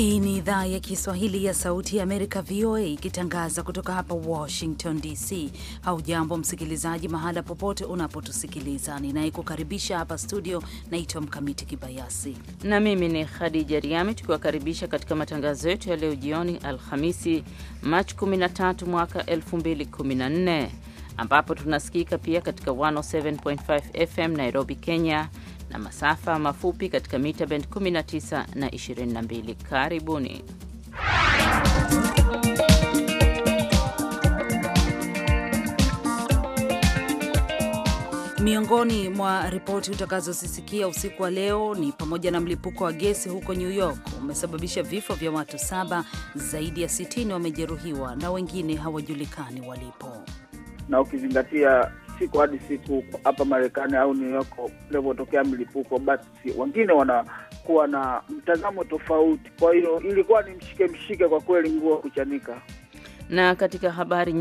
Hii ni idhaa ya Kiswahili ya Sauti ya Amerika, VOA, ikitangaza kutoka hapa Washington DC. Haujambo msikilizaji, mahala popote unapotusikiliza. Ninayekukaribisha hapa studio naitwa Mkamiti Kibayasi na mimi ni Khadija Riami, tukiwakaribisha katika matangazo yetu ya leo jioni, Alhamisi Machi 13 mwaka 2014, ambapo tunasikika pia katika 107.5 FM Nairobi, Kenya, na masafa mafupi katika mita bend 19 na 22. Karibuni. Miongoni mwa ripoti utakazosisikia usiku wa leo ni pamoja na mlipuko wa gesi huko New York umesababisha vifo vya watu saba, zaidi ya 60 wamejeruhiwa na wengine hawajulikani walipo, na ukizingatia siku hadi siku hapa Marekani au New York kunavyotokea mlipuko, basi wengine wanakuwa na mtazamo tofauti. Kwa hiyo ilikuwa ni mshike mshike kwa kweli, nguo kuchanika. Na katika habari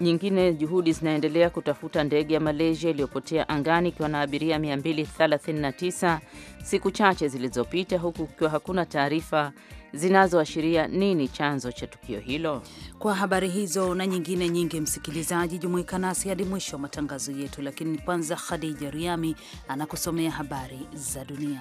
nyingine, juhudi zinaendelea kutafuta ndege ya Malaysia iliyopotea angani ikiwa na abiria 239 siku chache zilizopita, huku kukiwa hakuna taarifa zinazoashiria nini chanzo cha tukio hilo. Kwa habari hizo na nyingine nyingi, msikilizaji, jumuika nasi hadi mwisho wa matangazo yetu, lakini kwanza, Khadija Riami anakusomea habari za dunia.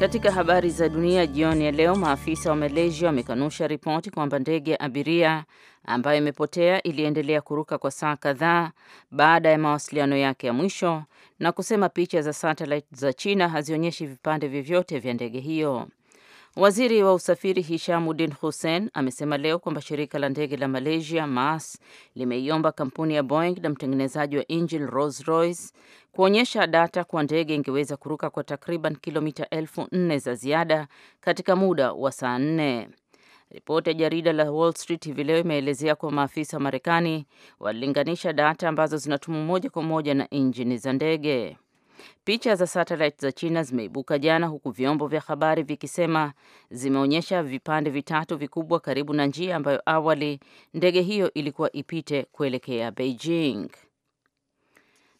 Katika habari za dunia jioni ya leo, maafisa wa Malaysia wamekanusha ripoti kwamba ndege ya abiria ambayo imepotea iliendelea kuruka kwa saa kadhaa baada ya mawasiliano yake ya mwisho na kusema picha za satellite za China hazionyeshi vipande vyovyote vya ndege hiyo. Waziri wa usafiri Hishamuddin Hussein amesema leo kwamba shirika la ndege la Malaysia MAS limeiomba kampuni ya Boeing na mtengenezaji wa injini Rolls-Royce kuonyesha data kwa ndege ingeweza kuruka kwa takriban kilomita elfu nne za ziada katika muda wa saa nne. Ripoti ya jarida la Wall Street hivi leo imeelezea kuwa maafisa wa Marekani walilinganisha data ambazo zinatumwa moja kwa moja na injini za ndege. Picha za satellite za China zimeibuka jana, huku vyombo vya habari vikisema zimeonyesha vipande vitatu vikubwa karibu na njia ambayo awali ndege hiyo ilikuwa ipite kuelekea Beijing.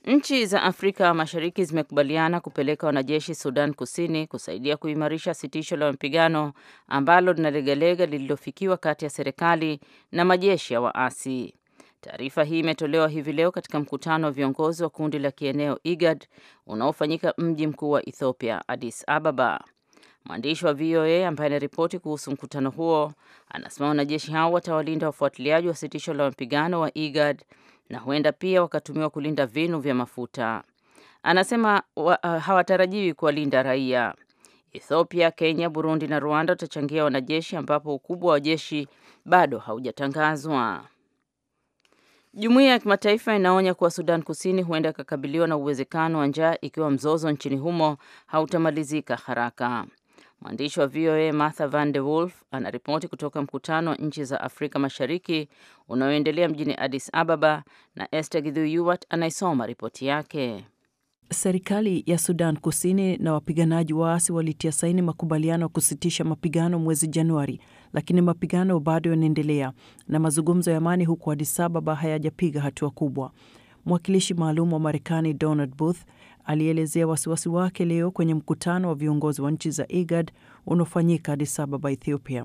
Nchi za Afrika Mashariki zimekubaliana kupeleka wanajeshi Sudan Kusini kusaidia kuimarisha sitisho la mapigano ambalo linalegalega lililofikiwa kati ya serikali na majeshi ya waasi. Taarifa hii imetolewa hivi leo katika mkutano wa viongozi wa kundi la kieneo IGAD unaofanyika mji mkuu wa Ethiopia, Addis Ababa. Mwandishi wa VOA ambaye anaripoti kuhusu mkutano huo anasema wanajeshi hao watawalinda wafuatiliaji wa sitisho la mapigano wa IGAD na huenda pia wakatumiwa kulinda vinu vya mafuta. Anasema wa, uh, hawatarajiwi kuwalinda raia. Ethiopia, Kenya, Burundi na Rwanda watachangia wanajeshi ambapo ukubwa wa jeshi bado haujatangazwa. Jumuiya ya kimataifa inaonya kuwa Sudan Kusini huenda ikakabiliwa na uwezekano wa njaa ikiwa mzozo nchini humo hautamalizika haraka. Mwandishi wa VOA Martha Van de Wolf anaripoti kutoka mkutano wa nchi za Afrika Mashariki unaoendelea mjini Addis Ababa, na Esther Gidhuyuwat anaisoma ripoti yake. Serikali ya Sudan Kusini na wapiganaji waasi walitia saini makubaliano ya kusitisha mapigano mwezi Januari, lakini mapigano bado yanaendelea na mazungumzo ya amani huko Addis Ababa hayajapiga hatua kubwa. Mwakilishi maalum wa Marekani Donald Booth alielezea wasiwasi wake leo kwenye mkutano wa viongozi wa nchi za IGAD unaofanyika Addis Ababa, Ethiopia.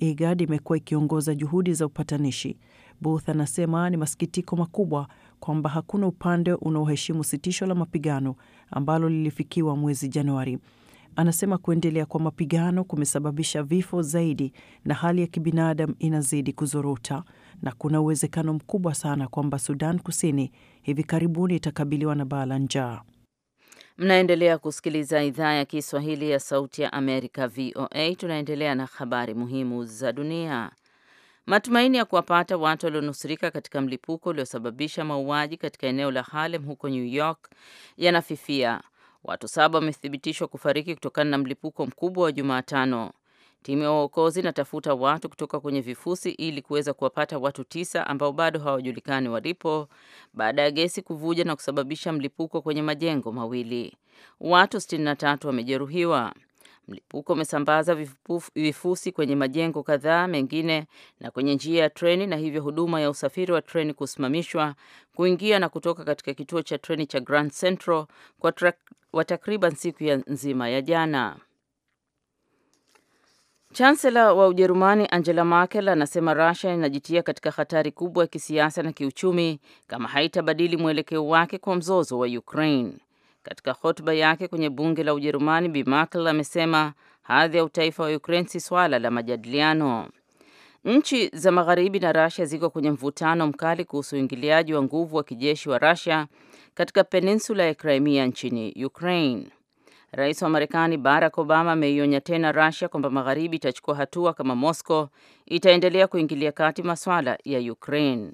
IGAD imekuwa ikiongoza juhudi za upatanishi. Booth anasema ni masikitiko makubwa kwamba hakuna upande unaoheshimu sitisho la mapigano ambalo lilifikiwa mwezi Januari. Anasema kuendelea kwa mapigano kumesababisha vifo zaidi na hali ya kibinadamu inazidi kuzorota, na kuna uwezekano mkubwa sana kwamba Sudan Kusini hivi karibuni itakabiliwa na baa la njaa. Mnaendelea kusikiliza idhaa ya Kiswahili ya Sauti ya Amerika, VOA. Tunaendelea na habari muhimu za dunia. Matumaini ya kuwapata watu walionusurika katika mlipuko uliosababisha mauaji katika eneo la Harlem huko New York yanafifia. Watu saba wamethibitishwa kufariki kutokana na mlipuko mkubwa wa Jumatano. Timu ya uokozi inatafuta watu kutoka kwenye vifusi ili kuweza kuwapata watu tisa ambao bado hawajulikani walipo baada ya gesi kuvuja na kusababisha mlipuko kwenye majengo mawili. Watu 63 wamejeruhiwa. Mlipuko umesambaza vifusi kwenye majengo kadhaa mengine na kwenye njia ya treni na hivyo huduma ya usafiri wa treni kusimamishwa kuingia na kutoka katika kituo cha treni cha Grand Central kwa, kwa takriban siku ya nzima ya jana. Chancellor wa Ujerumani Angela Merkel anasema Russia inajitia katika hatari kubwa ya kisiasa na kiuchumi kama haitabadili mwelekeo wake kwa mzozo wa Ukraine. Katika hotuba yake kwenye bunge la Ujerumani, Bi Merkel amesema hadhi ya utaifa wa Ukraine si swala la majadiliano. Nchi za Magharibi na Russia ziko kwenye mvutano mkali kuhusu uingiliaji wa nguvu wa kijeshi wa Russia katika peninsula ya Crimea nchini Ukraine. Rais wa Marekani Barack Obama ameionya tena Russia kwamba magharibi itachukua hatua kama Moscow itaendelea kuingilia kati masuala ya Ukraine.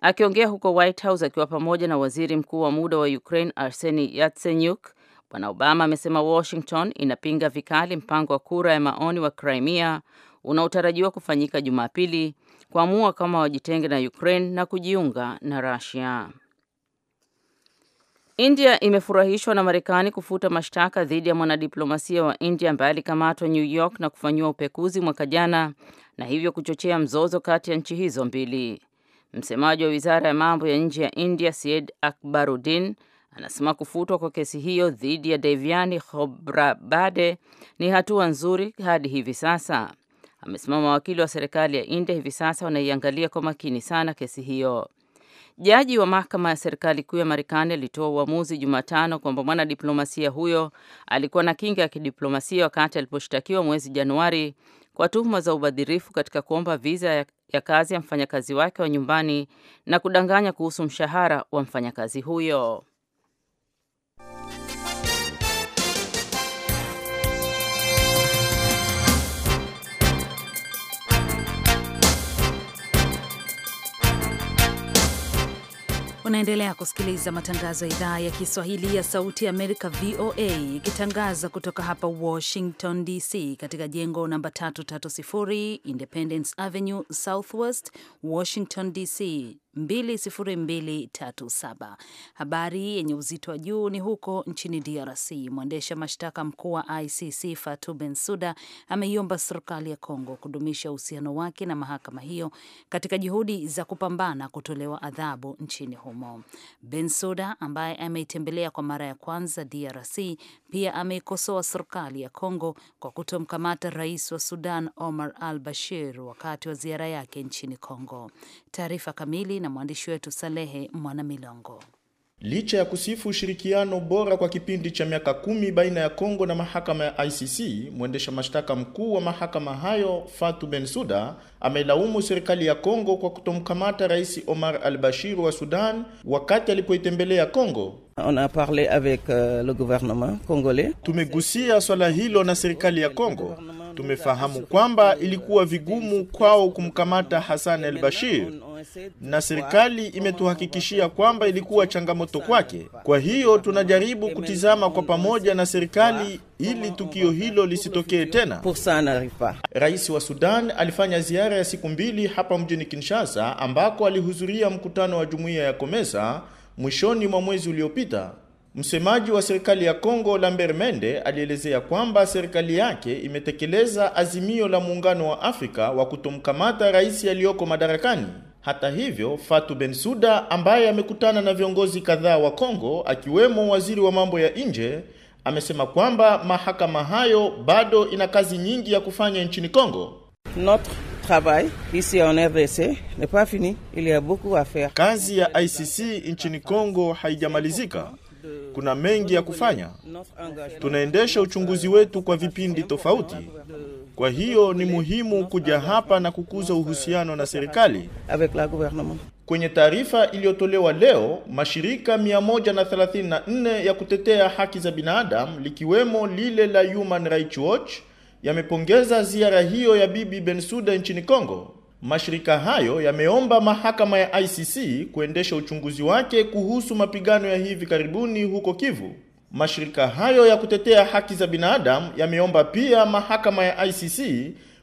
Akiongea huko White House akiwa pamoja na waziri mkuu wa muda wa Ukraine Arseni Yatsenyuk, Bwana Obama amesema Washington inapinga vikali mpango wa kura ya maoni wa Crimea unaotarajiwa kufanyika Jumapili kuamua kama wajitenge na Ukraine na kujiunga na Russia. India imefurahishwa na Marekani kufuta mashtaka dhidi ya mwanadiplomasia wa India ambaye alikamatwa New York na kufanyiwa upekuzi mwaka jana na hivyo kuchochea mzozo kati ya nchi hizo mbili. Msemaji wa Wizara ya Mambo ya Nje ya India, Syed Akbaruddin, anasema kufutwa kwa kesi hiyo dhidi ya Devyani Khobragade ni hatua nzuri hadi hivi sasa. Amesema mawakili wa serikali ya India hivi sasa wanaiangalia kwa makini sana kesi hiyo. Jaji wa mahakama ya serikali kuu ya Marekani alitoa uamuzi Jumatano kwamba mwanadiplomasia huyo alikuwa na kinga ya kidiplomasia wakati aliposhtakiwa mwezi Januari kwa tuhuma za ubadhirifu katika kuomba viza ya kazi ya mfanyakazi wake wa nyumbani na kudanganya kuhusu mshahara wa mfanyakazi huyo. Unaendelea kusikiliza matangazo ya idhaa ya Kiswahili ya Sauti ya Amerika, VOA, ikitangaza kutoka hapa Washington DC, katika jengo namba 330 Independence Avenue Southwest, Washington DC. 20237. Habari yenye uzito wa juu ni huko nchini DRC. Mwendesha mashtaka mkuu wa ICC Fatou Bensouda ameiomba serikali ya Kongo kudumisha uhusiano wake na mahakama hiyo katika juhudi za kupambana kutolewa adhabu nchini humo. Bensouda ambaye ameitembelea kwa mara ya kwanza DRC pia ameikosoa serikali ya Kongo kwa kutomkamata rais wa Sudan Omar al Bashir wakati wa ziara yake nchini Kongo. Taarifa kamili na na mwandishi wetu Salehe Mwanamilongo. Licha ya kusifu ushirikiano bora kwa kipindi cha miaka kumi baina ya Kongo na mahakama ya ICC, mwendesha mashtaka mkuu wa mahakama hayo Fatu Bensuda amelaumu serikali ya Kongo kwa kutomkamata Rais Omar al-Bashir wa Sudan wakati alipoitembelea Kongo. On a avec euh, le gouvernement congolais. Tumegusia swala hilo na serikali ya Kongo. Tumefahamu kwamba ilikuwa vigumu kwao kumkamata Hassan al-Bashir na serikali imetuhakikishia kwamba ilikuwa changamoto kwake. Kwa hiyo tunajaribu kutizama kwa pamoja na serikali ili tukio hilo lisitokee tena. Rais wa Sudan alifanya ziara ya siku mbili hapa mjini Kinshasa, ambako alihudhuria mkutano wa jumuiya ya Komesa mwishoni mwa mwezi uliopita. Msemaji wa serikali ya Kongo Lambert Mende alielezea kwamba serikali yake imetekeleza azimio la Muungano wa Afrika wa kutomkamata rais aliyoko madarakani. Hata hivyo, Fatu Bensuda ambaye amekutana na viongozi kadhaa wa Kongo akiwemo waziri wa mambo ya nje amesema kwamba mahakama hayo bado ina kazi nyingi ya kufanya nchini Kongo. Kazi ya ICC nchini Kongo haijamalizika kuna mengi ya kufanya. Tunaendesha uchunguzi wetu kwa vipindi tofauti, kwa hiyo ni muhimu kuja hapa na kukuza uhusiano na serikali. Kwenye taarifa iliyotolewa leo, mashirika 134 ya kutetea haki za binadamu likiwemo lile la Human Rights Watch yamepongeza ziara hiyo ya Bibi Bensouda nchini Kongo. Mashirika hayo yameomba mahakama ya ICC kuendesha uchunguzi wake kuhusu mapigano ya hivi karibuni huko Kivu. Mashirika hayo ya kutetea haki za binadamu yameomba pia mahakama ya ICC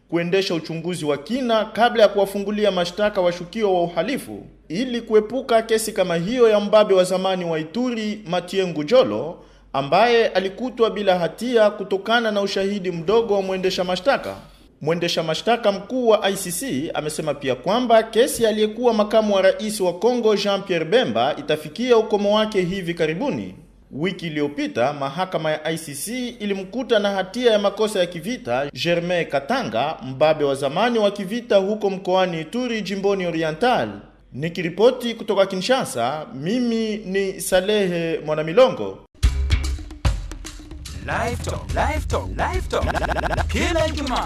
kuendesha uchunguzi wa kina kabla ya kuwafungulia mashtaka washukiwa wa uhalifu ili kuepuka kesi kama hiyo ya mbabe wa zamani wa Ituri Mathieu Ngudjolo ambaye alikutwa bila hatia kutokana na ushahidi mdogo wa mwendesha mashtaka. Mwendesha mashtaka mkuu wa ICC amesema pia kwamba kesi aliyekuwa makamu wa rais wa Kongo Jean Pierre Bemba itafikia ukomo wake hivi karibuni. Wiki iliyopita mahakama ya ICC ilimkuta na hatia ya makosa ya kivita Germain Katanga, mbabe wa zamani wa kivita huko mkoani Ituri, jimboni Oriental. Nikiripoti kutoka Kinshasa, mimi ni Salehe Mwanamilongo. Live talk, live talk, live talk. Kila Ijumaa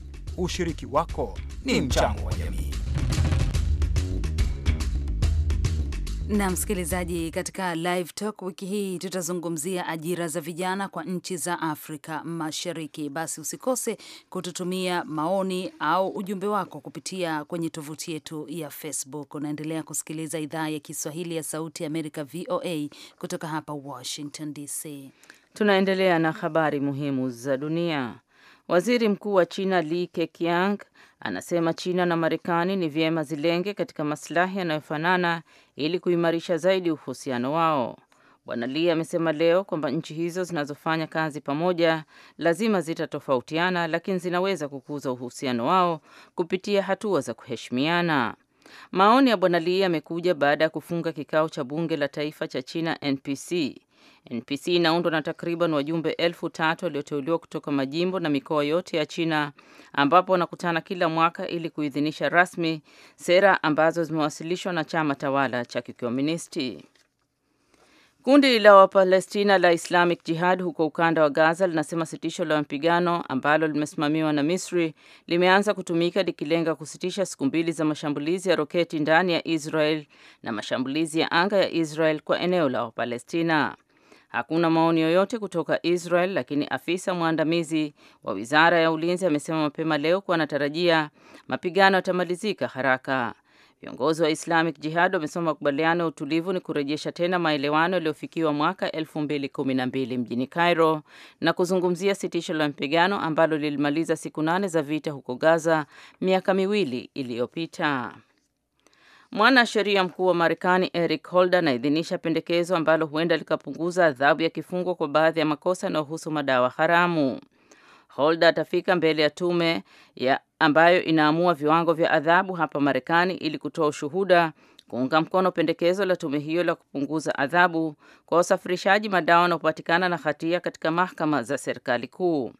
Ushiriki wako ni hmm, mchango wa jamii. Na msikilizaji, katika live talk wiki hii tutazungumzia ajira za vijana kwa nchi za Afrika Mashariki. Basi usikose kututumia maoni au ujumbe wako kupitia kwenye tovuti yetu ya Facebook. Unaendelea kusikiliza idhaa ya Kiswahili ya Sauti Amerika, VOA, kutoka hapa Washington DC. Tunaendelea na habari muhimu za dunia. Waziri Mkuu wa China Li Keqiang anasema China na Marekani ni vyema zilenge katika maslahi yanayofanana ili kuimarisha zaidi uhusiano wao. Bwana Li amesema leo kwamba nchi hizo zinazofanya kazi pamoja lazima zitatofautiana, lakini zinaweza kukuza uhusiano wao kupitia hatua za kuheshimiana. Maoni ya Bwana Li yamekuja baada ya kufunga kikao cha bunge la taifa cha China NPC NPC inaundwa na takriban wajumbe elfu tatu walioteuliwa kutoka majimbo na mikoa yote ya China ambapo wanakutana kila mwaka ili kuidhinisha rasmi sera ambazo zimewasilishwa na chama tawala cha kikomunisti. Kundi la Wapalestina la Islamic Jihad huko ukanda wa Gaza linasema sitisho la mapigano ambalo limesimamiwa na Misri limeanza kutumika likilenga kusitisha siku mbili za mashambulizi ya roketi ndani ya Israel na mashambulizi ya anga ya Israel kwa eneo la Wapalestina. Hakuna maoni yoyote kutoka Israel, lakini afisa mwandamizi wa wizara ya ulinzi amesema mapema leo kuwa anatarajia mapigano yatamalizika haraka. Viongozi wa Islamic Jihad wamesema makubaliano ya utulivu ni kurejesha tena maelewano yaliyofikiwa mwaka 2012 mjini Cairo na kuzungumzia sitisho la mapigano ambalo lilimaliza siku nane za vita huko Gaza miaka miwili iliyopita. Mwanasheria mkuu wa Marekani Eric Holder anaidhinisha pendekezo ambalo huenda likapunguza adhabu ya kifungo kwa baadhi ya makosa yanayohusu madawa haramu. Holder atafika mbele ya tume ya ambayo inaamua viwango vya adhabu hapa Marekani ili kutoa ushuhuda kuunga mkono pendekezo la tume hiyo la kupunguza adhabu kwa wasafirishaji madawa wanaopatikana na hatia katika mahakama za serikali kuu.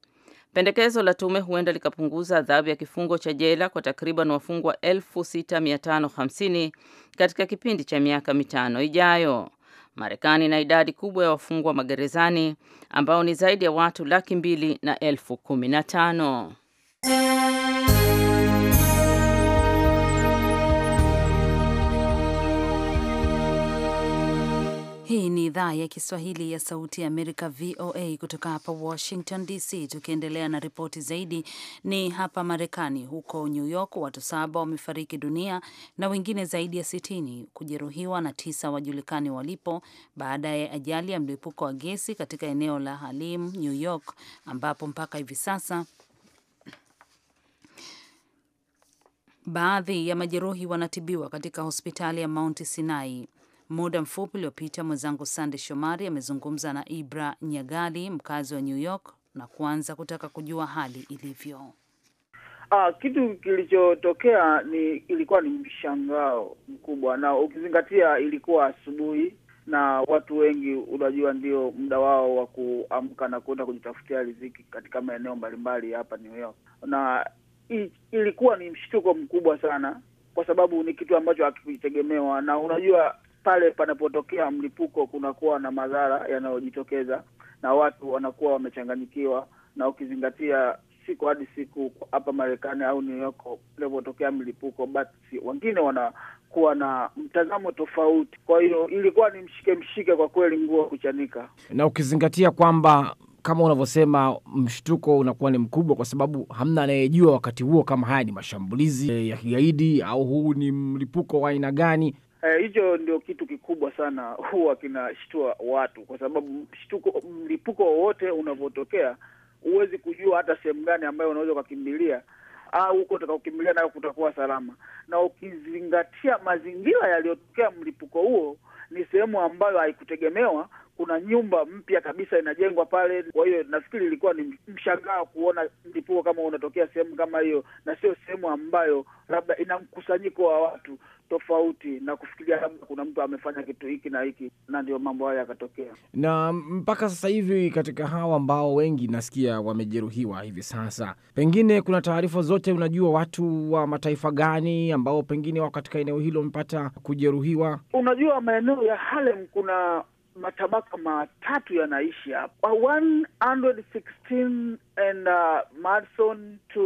Pendekezo la tume huenda likapunguza adhabu ya kifungo cha jela kwa takriban wafungwa 6550 katika kipindi cha miaka mitano ijayo. Marekani ina idadi kubwa ya wafungwa magerezani ambao ni zaidi ya watu laki mbili na elfu kumi na tano. idhaa ya Kiswahili ya Sauti ya Amerika, VOA, kutoka hapa Washington DC. Tukiendelea na ripoti zaidi, ni hapa Marekani. Huko New York, watu saba wamefariki dunia na wengine zaidi ya sitini kujeruhiwa na tisa wajulikani walipo baada ya ajali ya mlipuko wa gesi katika eneo la Harlem, New York, ambapo mpaka hivi sasa baadhi ya majeruhi wanatibiwa katika hospitali ya Mount Sinai. Muda mfupi uliopita, mwenzangu Sande Shomari amezungumza na Ibra Nyagali, mkazi wa New York, na kuanza kutaka kujua hali ilivyo. Ah, kitu kilichotokea ni ilikuwa ni mshangao mkubwa, na ukizingatia ilikuwa asubuhi na watu wengi unajua, ndio muda wao wa kuamka na kuenda kujitafutia riziki katika maeneo mbalimbali hapa New York, na ilikuwa ni mshtuko mkubwa sana, kwa sababu ni kitu ambacho hakikutegemewa. Na unajua, pale panapotokea mlipuko kunakuwa na madhara yanayojitokeza na watu wanakuwa wamechanganyikiwa, na ukizingatia siku hadi siku hapa Marekani au New York mlipuko, basi wengine wanakuwa na mtazamo tofauti. Kwa hiyo ilikuwa ni mshike mshike kwa kweli, nguo kuchanika, na ukizingatia kwamba kama unavyosema mshtuko unakuwa ni mkubwa, kwa sababu hamna anayejua wakati huo kama haya ni mashambulizi ya kigaidi au huu ni mlipuko wa aina gani. Eh, hicho e, ndio kitu kikubwa sana huwa kinashtua watu, kwa sababu shtuko, mlipuko wowote unavyotokea huwezi kujua hata sehemu gani ambayo unaweza ukakimbilia au huko utakaokimbilia nayo kutakuwa salama, na ukizingatia mazingira yaliyotokea mlipuko huo, ni sehemu ambayo haikutegemewa kuna nyumba mpya kabisa inajengwa pale. Kwa hiyo nafikiri ilikuwa ni mshangao kuona mlipuko kama unatokea sehemu kama hiyo, na sio sehemu ambayo labda ina mkusanyiko wa watu tofauti na kufikiria labda kuna mtu amefanya kitu hiki na hiki, na ndio mambo hayo yakatokea. Na mpaka sasa hivi katika hawa ambao wengi nasikia wamejeruhiwa hivi sasa, pengine kuna taarifa zote, unajua watu wa mataifa gani ambao pengine wako katika eneo hilo wamepata kujeruhiwa? Unajua maeneo ya Harlem kuna matabaka matatu yanaishi hapa 116 and uh, Madison to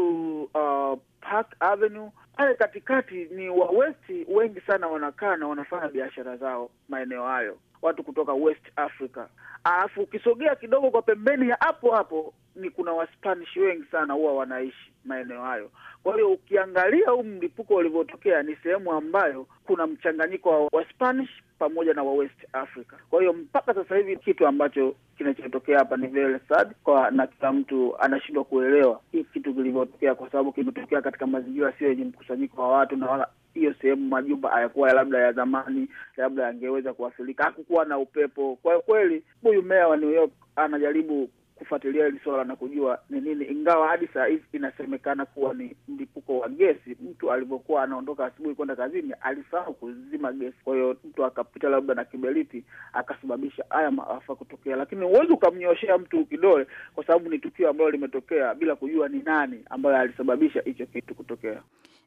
uh, Park Avenue pale katikati ni Wawesti wengi sana wanakaa na wanafanya biashara zao maeneo hayo, watu kutoka West Africa. Alafu ukisogea kidogo kwa pembeni ya hapo hapo ni kuna Waspanish wengi sana huwa wanaishi maeneo hayo. Kwa hiyo ukiangalia huu mlipuko ulivyotokea, ni sehemu ambayo kuna mchanganyiko wa Waspanish pamoja na wa West Africa. Kwa hiyo mpaka sasa hivi kitu ambacho kinachotokea hapa ni very sad kwa, na kila mtu anashindwa kuelewa hii kitu kilivyotokea, kwa sababu kimetokea katika mazingira sio yenye mkusanyiko wa watu na wala hiyo sehemu majumba hayakuwa labda ya zamani, labda yangeweza kuathirika. Hakukuwa na upepo. Kwa kweli, huyu meya wa New York anajaribu kufuatilia hili swala na kujua ni nini, ingawa hadi saa hizi inasemekana kuwa ni mlipuko wa gesi. Mtu alivyokuwa anaondoka asubuhi kwenda kazini alisahau kuzima gesi, kwa hiyo mtu akapita labda na kiberiti akasababisha haya maafa kutokea, lakini huwezi ukamnyoshea mtu kidole kwa sababu ni tukio ambalo limetokea bila kujua ni nani ambayo alisababisha hicho kitu kutokea.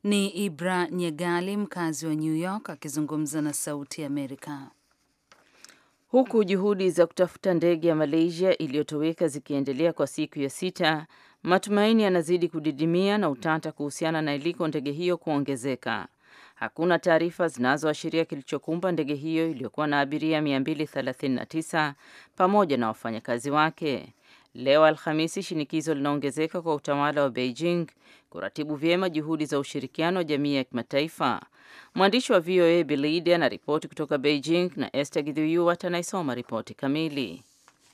Ni Ibra Nyegali, mkazi wa New York, akizungumza na Sauti ya Amerika. Huku juhudi za kutafuta ndege ya Malaysia iliyotoweka zikiendelea kwa siku ya sita, matumaini yanazidi kudidimia na utata kuhusiana na iliko ndege hiyo kuongezeka. Hakuna taarifa zinazoashiria kilichokumba ndege hiyo iliyokuwa na abiria 239 pamoja na wafanyakazi wake. Leo Alhamisi, shinikizo linaongezeka kwa utawala wa Beijing kuratibu vyema juhudi za ushirikiano wa jamii ya kimataifa. Mwandishi wa VOA Bilidi anaripoti kutoka Beijing na Esther Gidhuyuwat anaisoma ripoti kamili.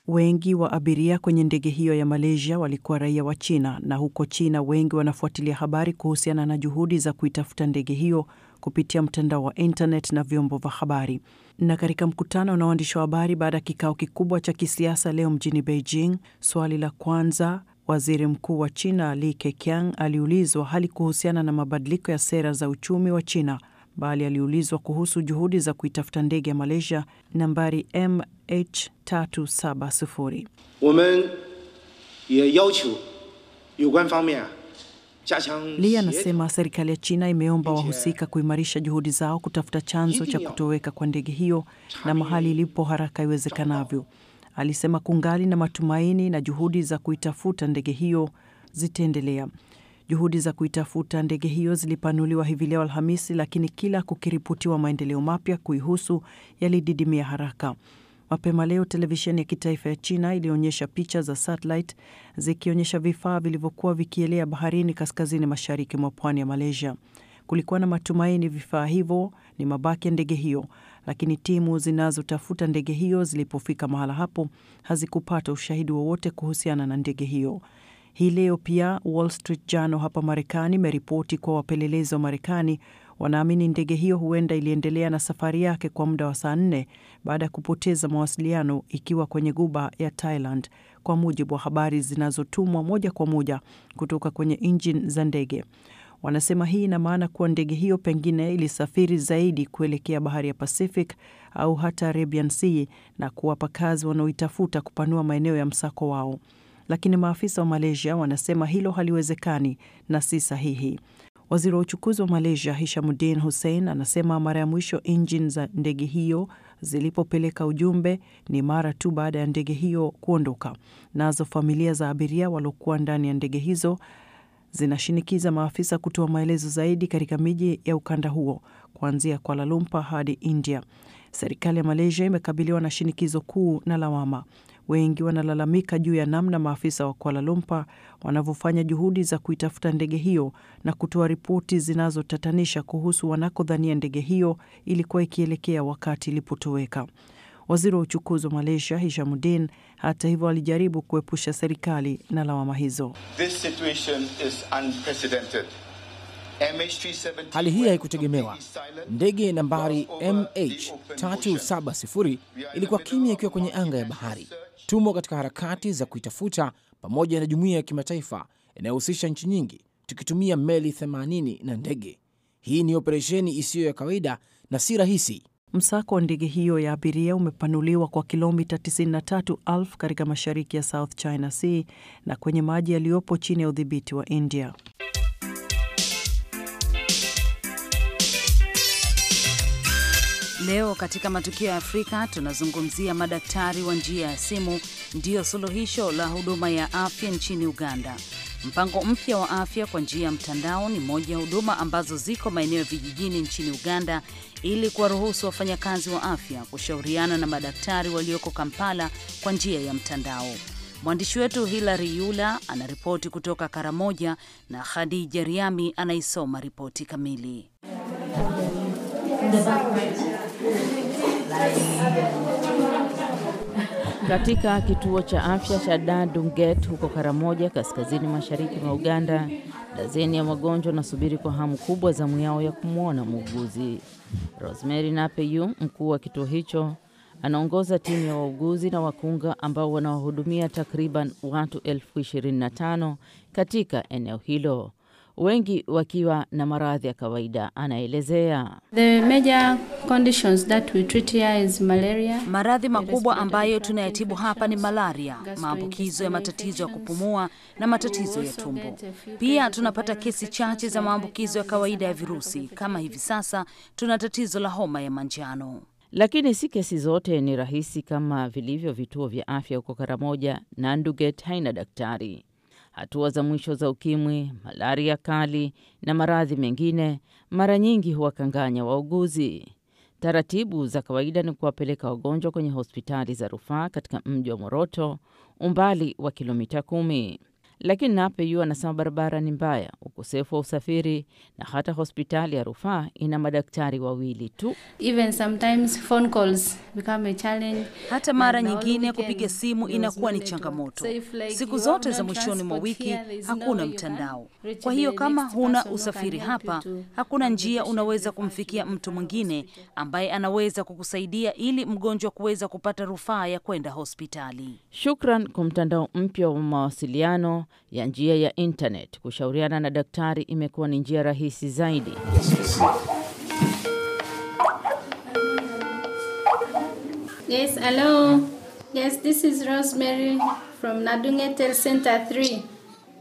Wengi wa abiria kwenye ndege hiyo ya Malaysia walikuwa raia wa China, na huko China wengi wanafuatilia habari kuhusiana na juhudi za kuitafuta ndege hiyo kupitia mtandao wa internet na vyombo vya habari. Na katika mkutano na waandishi wa habari baada ya kikao kikubwa cha kisiasa leo mjini Beijing, swali la kwanza waziri mkuu wa China Li Keqiang aliulizwa hali kuhusiana na mabadiliko ya sera za uchumi wa China, bali aliulizwa kuhusu juhudi za kuitafuta ndege ya Malaysia nambari MH370 women ye yao Li anasema serikali ya China imeomba wahusika kuimarisha juhudi zao kutafuta chanzo cha kutoweka kwa ndege hiyo na mahali ilipo haraka iwezekanavyo. Alisema kungali na matumaini na juhudi za kuitafuta ndege hiyo zitaendelea. Juhudi za kuitafuta ndege hiyo zilipanuliwa hivi leo Alhamisi, lakini kila kukiripotiwa maendeleo mapya kuihusu yalididimia haraka. Mapema leo televisheni ya kitaifa ya China ilionyesha picha za satellite zikionyesha vifaa vilivyokuwa vikielea baharini kaskazini mashariki mwa pwani ya Malaysia. Kulikuwa na matumaini vifaa hivyo ni mabaki ya ndege hiyo, lakini timu zinazotafuta ndege hiyo zilipofika mahala hapo hazikupata ushahidi wowote kuhusiana na ndege hiyo. Hii leo pia Wall Street Journal hapa Marekani imeripoti kwa wapelelezi wa Marekani Wanaamini ndege hiyo huenda iliendelea na safari yake kwa muda wa saa nne baada ya kupoteza mawasiliano ikiwa kwenye guba ya Thailand, kwa mujibu wa habari zinazotumwa moja kwa moja kutoka kwenye injini za ndege. Wanasema hii ina maana kuwa ndege hiyo pengine ilisafiri zaidi kuelekea bahari ya Pacific au hata Arabian Sea na kuwapa kazi wanaoitafuta kupanua maeneo ya msako wao. Lakini maafisa wa Malaysia wanasema hilo haliwezekani na si sahihi. Waziri wa uchukuzi wa Malaysia Hishamuddin Hussein anasema mara ya mwisho injini za ndege hiyo zilipopeleka ujumbe ni mara tu baada ya ndege hiyo kuondoka. Nazo familia za abiria waliokuwa ndani ya ndege hizo zinashinikiza maafisa kutoa maelezo zaidi katika miji ya ukanda huo kuanzia Kuala Lumpur hadi India. Serikali ya Malaysia imekabiliwa na shinikizo kuu na lawama wengi wanalalamika juu ya namna maafisa wa Kuala Lumpur wanavyofanya juhudi za kuitafuta ndege hiyo na kutoa ripoti zinazotatanisha kuhusu wanakodhania ndege hiyo ilikuwa ikielekea wakati ilipotoweka. Waziri wa uchukuzi wa Malaysia Hishamudin hata hivyo alijaribu kuepusha serikali na lawama hizo. This Hali hii haikutegemewa. Ndege nambari MH370 ilikuwa kimya ikiwa kwenye anga ya bahari tumo katika harakati za kuitafuta pamoja na jumuiya ya kimataifa inayohusisha nchi nyingi, tukitumia meli 80 na ndege. Hii ni operesheni isiyo ya kawaida na si rahisi. Msako wa ndege hiyo ya abiria umepanuliwa kwa kilomita 93,000 katika mashariki ya South China Sea na kwenye maji yaliyopo chini ya udhibiti wa India. Leo katika matukio ya Afrika tunazungumzia madaktari wa njia ya simu ndiyo suluhisho la huduma ya afya nchini Uganda. Mpango mpya wa afya kwa njia ya mtandao ni moja ya huduma ambazo ziko maeneo ya vijijini nchini Uganda ili kuwaruhusu wafanyakazi wa afya kushauriana na madaktari walioko Kampala kwa njia ya mtandao. Mwandishi wetu Hilary Yula anaripoti kutoka Karamoja na Khadija Riami anaisoma ripoti kamili. Katika kituo cha afya cha Dadunget huko Karamoja, kaskazini mashariki mwa Uganda, dazeni ya wagonjwa wanasubiri kwa hamu kubwa zamu yao ya kumwona muuguzi. Rosemary Napeyu, mkuu wa kituo hicho, anaongoza timu ya wauguzi na wakunga ambao wanawahudumia takriban watu elfu 25 katika eneo hilo wengi wakiwa na maradhi ya kawaida. Anaelezea maradhi makubwa ambayo tunayatibu hapa ni malaria, maambukizo ya matatizo ya kupumua na matatizo ya tumbo. Pia tunapata kesi chache za maambukizo ya kawaida ya virusi, kama hivi sasa tuna tatizo la homa ya manjano lakini si kesi zote ni rahisi kama vilivyo vituo vya afya. Huko Karamoja na Nduget haina daktari, Hatua za mwisho za ukimwi, malaria kali na maradhi mengine mara nyingi huwakanganya wauguzi. Taratibu za kawaida ni kuwapeleka wagonjwa kwenye hospitali za rufaa katika mji wa Moroto, umbali wa kilomita kumi lakini NAPEU anasema barabara ni mbaya, ukosefu wa usafiri na hata hospitali ya rufaa ina madaktari wawili tu. Even sometimes phone calls become a challenge. Hata mara nyingine kupiga simu inakuwa ni changamoto. Siku zote za mwishoni mwa wiki hakuna mtandao, kwa hiyo kama huna usafiri hapa, hakuna njia unaweza kumfikia mtu mwingine ambaye anaweza kukusaidia ili mgonjwa kuweza kupata rufaa ya kwenda hospitali. Shukran kwa mtandao mpya wa mawasiliano ya njia ya intanet, kushauriana na daktari imekuwa ni njia rahisi zaidi. Yes, hello. Yes, this is Rosemary from Center 3.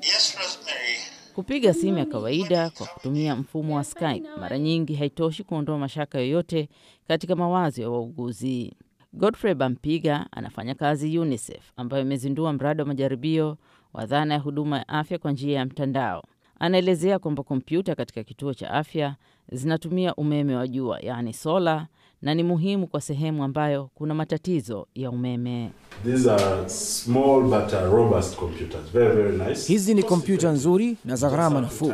Yes, Rosemary. Kupiga simu ya kawaida kwa kutumia mfumo wa Skype mara nyingi haitoshi kuondoa mashaka yoyote katika mawazo ya wauguzi. Godfrey Bampiga anafanya kazi UNICEF ambayo imezindua mradi wa majaribio wa dhana ya huduma ya afya kwa njia ya mtandao. Anaelezea kwamba kompyuta katika kituo cha afya zinatumia umeme wa jua, yaani sola, na ni muhimu kwa sehemu ambayo kuna matatizo ya umeme. These are small but uh, robust computers. Very, very nice. Hizi ni kompyuta nzuri na za gharama nafuu.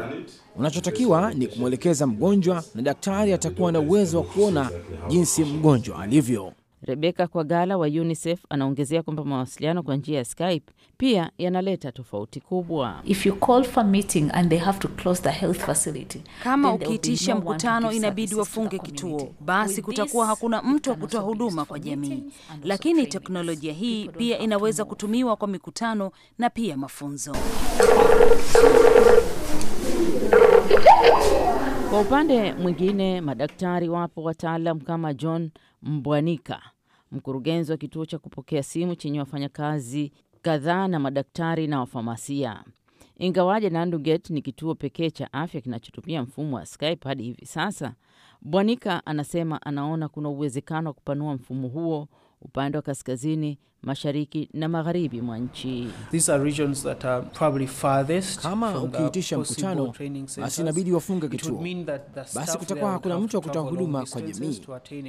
Unachotakiwa ni kumwelekeza mgonjwa na daktari atakuwa na uwezo wa kuona jinsi mgonjwa alivyo. Rebeka Kwagala wa UNICEF anaongezea kwamba mawasiliano kwa njia ya Skype pia yanaleta tofauti kubwa. If you call for meeting and they have to close the health facility, kama ukiitisha mkutano inabidi wafunge kituo, basi kutakuwa hakuna mtu wa kutoa huduma kwa jamii. Lakini teknolojia hii pia inaweza kutumiwa kwa mikutano na pia mafunzo kwa upande mwingine, madaktari wapo wataalam kama John Mbwanika, mkurugenzi wa kituo cha kupokea simu chenye wafanyakazi kadhaa na madaktari na wafamasia. Ingawaje Nanduget ni kituo pekee cha afya kinachotumia mfumo wa Skype hadi hivi sasa, Bwanika anasema anaona kuna uwezekano wa kupanua mfumo huo upande wa kaskazini, mashariki na magharibi mwa nchi. Kama ukiitisha mkutano, basi inabidi wafunge kituo, basi kutakuwa hakuna mtu wa kutoa huduma kwa jamii.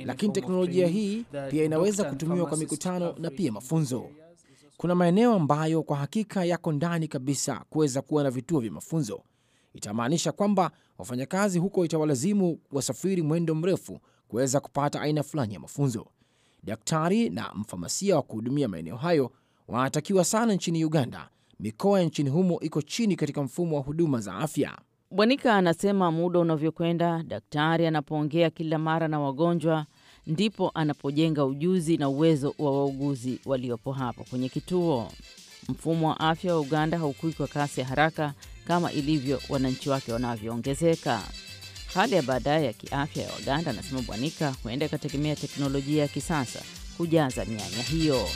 Lakini teknolojia hii pia inaweza kutumiwa kwa mikutano na pia mafunzo. Kuna maeneo ambayo kwa hakika yako ndani kabisa kuweza kuwa na vituo vya mafunzo. Itamaanisha kwamba wafanyakazi huko itawalazimu wasafiri mwendo mrefu kuweza kupata aina fulani ya mafunzo. Daktari na mfamasia wa kuhudumia maeneo hayo wanatakiwa sana nchini Uganda. Mikoa ya nchini humo iko chini katika mfumo wa huduma za afya. Bwanika anasema muda unavyokwenda, daktari anapoongea kila mara na wagonjwa, ndipo anapojenga ujuzi na uwezo wa wauguzi waliopo hapo kwenye kituo. Mfumo wa afya wa Uganda haukui kwa kasi ya haraka kama ilivyo wananchi wake wanavyoongezeka. Hali ya baadaye ya kiafya ya Waganda, anasema Bwanika, huenda ikategemea teknolojia ya kisasa kujaza mianya hiyo.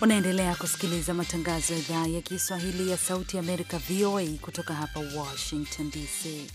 Unaendelea kusikiliza matangazo ya idhaa ya Kiswahili ya Sauti ya Amerika, VOA, kutoka hapa Washington DC.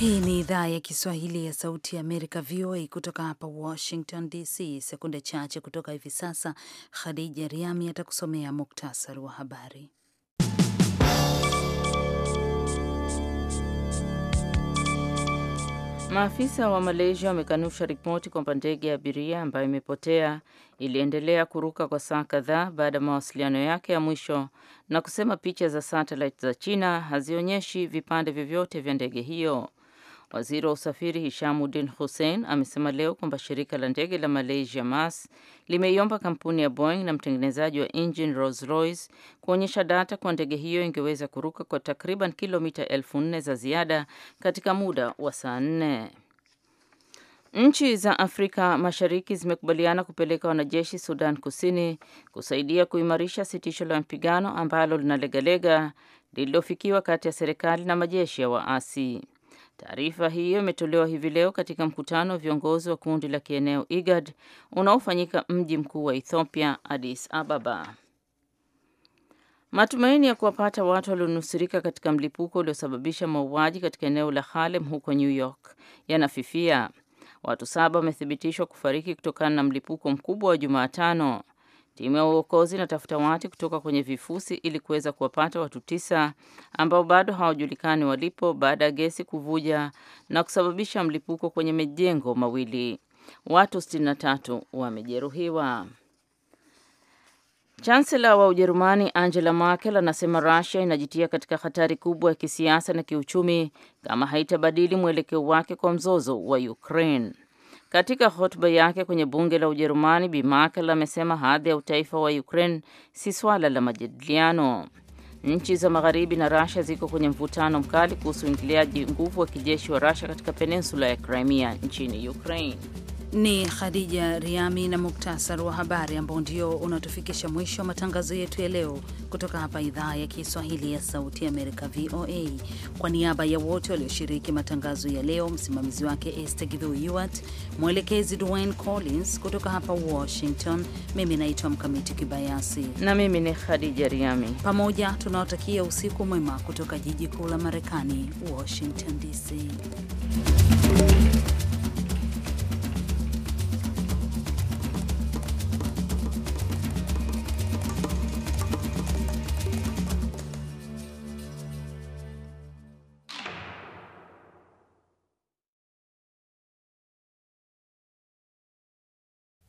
Hii ni idhaa ya Kiswahili ya Sauti ya Amerika, VOA, kutoka hapa Washington DC. Sekunde chache kutoka hivi sasa, Khadija Riami atakusomea muktasari wa habari. Maafisa wa Malaysia wamekanusha ripoti kwamba ndege ya abiria ambayo imepotea iliendelea kuruka kwa saa kadhaa baada ya mawasiliano yake ya mwisho na kusema picha za satellite za China hazionyeshi vipande vyovyote vya ndege hiyo. Waziri wa usafiri Hishamuddin Hussein amesema leo kwamba shirika la ndege la Malaysia MAS limeiomba kampuni ya Boeing na mtengenezaji wa injini Rolls-Royce kuonyesha data kwa ndege hiyo ingeweza kuruka kwa takriban kilomita elfu nne za ziada katika muda wa saa nne. Nchi za Afrika Mashariki zimekubaliana kupeleka wanajeshi Sudan Kusini kusaidia kuimarisha sitisho la mapigano ambalo linalegalega lililofikiwa kati ya serikali na majeshi ya waasi. Taarifa hiyo imetolewa hivi leo katika mkutano wa viongozi wa kundi la kieneo IGAD unaofanyika mji mkuu wa Ethiopia, Addis Ababa. Matumaini ya kuwapata watu walionusurika katika mlipuko uliosababisha mauaji katika eneo la Harlem huko New York yanafifia. Watu saba wamethibitishwa kufariki kutokana na mlipuko mkubwa wa Jumatano. Timu ya uokozi inatafuta watu kutoka kwenye vifusi ili kuweza kuwapata watu tisa ambao bado hawajulikani walipo baada ya gesi kuvuja na kusababisha mlipuko kwenye majengo mawili. Watu 63 wamejeruhiwa. Chansela wa Ujerumani Angela Merkel anasema Russia inajitia katika hatari kubwa ya kisiasa na kiuchumi kama haitabadili mwelekeo wake kwa mzozo wa Ukraine. Katika hotuba yake kwenye bunge la Ujerumani, Bi Merkel amesema hadhi ya utaifa wa Ukraine si swala la majadiliano. Nchi za magharibi na Russia ziko kwenye mvutano mkali kuhusu uingiliaji nguvu wa kijeshi wa Russia katika peninsula ya Crimea nchini Ukraine. Ni Khadija Riami na muktasar wa habari ambao ndio unatufikisha mwisho wa matangazo yetu ya leo kutoka hapa idhaa ya Kiswahili ya Sauti Amerika, VOA. Kwa niaba ya wote walioshiriki matangazo ya leo, msimamizi wake Esther Githuwat, mwelekezi Dwayne Collins. Kutoka hapa Washington, mimi naitwa Mkamiti Kibayasi na mimi ni Khadija Riami. Pamoja tunawatakia usiku mwema kutoka jiji kuu la Marekani, Washington DC.